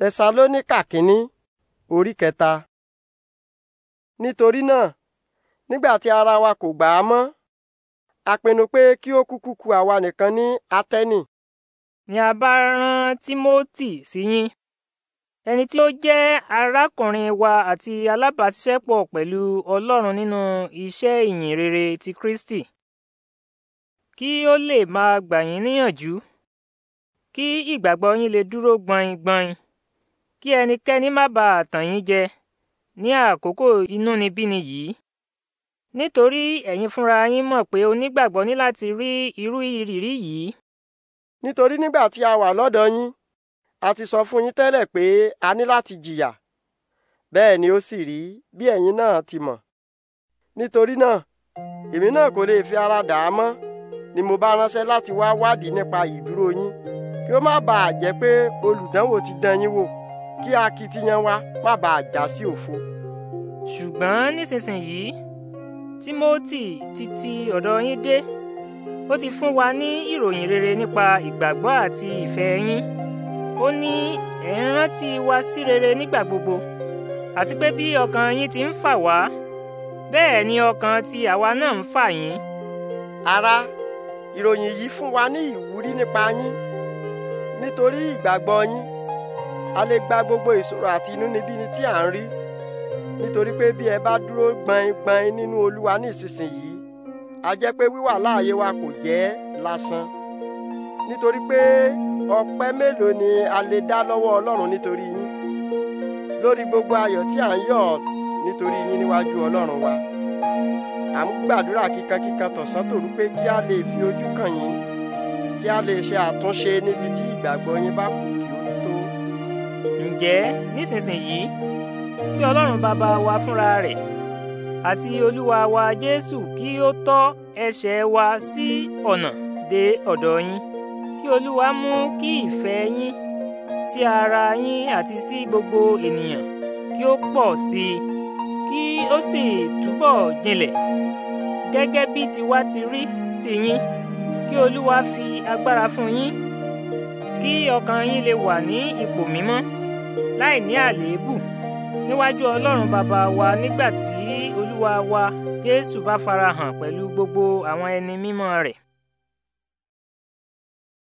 tẹsalóníkà kínní orí kẹta. nítorí náà nígbà tí ara wa kò gbà á mọ́ a pinnu pé kí ó kúkú kù àwa nìkan ní Áténì. ni a bá rán Tímótì sí yín ẹni tí ó jẹ́ arákùnrin wa àti alábàáṣiṣẹ́pọ̀ pẹ̀lú Ọlọ́run nínú iṣẹ́ ìyìn rere ti Kristi kí ó lè máa gbà yín níyànjú kí ìgbàgbọ́ yín lè dúró gbọnyin gbọnyin kí ẹnikẹ́ni má bàa tàn yín jẹ ní àkókò inúnibíni yìí nítorí ẹ̀yin fúnra yín mọ̀ pé onígbàgbọ́ ní láti rí irú ìrírí yìí. nítorí nígbà tí a wà lọ́dọ̀ yín a ti sọ fún yín tẹ́lẹ̀ pé a ní láti jìyà bẹ́ẹ̀ ni ó sì rí bí ẹ̀yin náà ti mọ̀ nítorí náà èmi náà kò lè fi ara dà á mọ́ ni mo bá ránṣẹ́ láti wá wádìí nípa ìdúró yín kí ó má bàa jẹ́ pé olùdánwò ti dán yín wò kí akitiyan wa má bàa já sí òfo. ṣùgbọ́n nísinsìnyí Tímótì ti ti ọ̀dọ̀ yín dé ó ti fún wa ní ìròyìn rere nípa ìgbàgbọ́ àti ìfẹ́ yín ó ní ẹ̀ ń rántí wa sí rere nígbà gbogbo àti pé bí ọkàn yín ti ń fà wá bẹ́ẹ̀ ni ọkàn ti àwa náà ń fà yín. ará ìròyìn yìí fún wa ní ìwúrí nípa yín nítorí ìgbàgbọ́ yín a lè gba gbogbo ìṣòro àti inúnibíni tí à ń rí nítorí pé bí ẹ bá dúró gbaingbain nínú olúwa ní ìsinsìnyí a jẹ́ pé wíwà láàyè wa kò jẹ́ lásán nítorí pé ọpẹ́ mélòó ni a lè dá lọ́wọ́ ọlọ́run nítorí yín lórí gbogbo ayọ̀ tí à ń yọ̀ nítorí yín níwájú ọlọ́run wa à ń gbàdúrà kíkankíkan tọ̀sán tòru pé kí a lè fi ojú kàn yín kí a lè ṣe àtúnṣe níbi tí ìgbàgbọ́ yín bá kù kí ó tó ǹjẹ́ nísinsìnyí kí ọlọ́run bàbá wa fúnra rẹ̀ àti olúwa wa jésù kí ó tọ́ ẹsẹ̀ wa sí ọ̀nà dé ọ̀dọ̀ yín kí olúwa mú kí ìfẹ́ yín sí ara yín àti sí gbogbo ènìyàn kí ó pọ̀ sí i kí ó sì túbọ̀ jinlẹ̀ gẹ́gẹ́ bí tiwa ti rí sí yín kí olúwa fi agbára fún yín kí ọkàn yín lè wà ní ipò mímọ́ láì ní àléébù níwájú Ọlọ́run bàbá wa nígbà tí Olúwa wa Jésù bá farahàn pẹ̀lú gbogbo àwọn ẹni mímọ́ rẹ̀.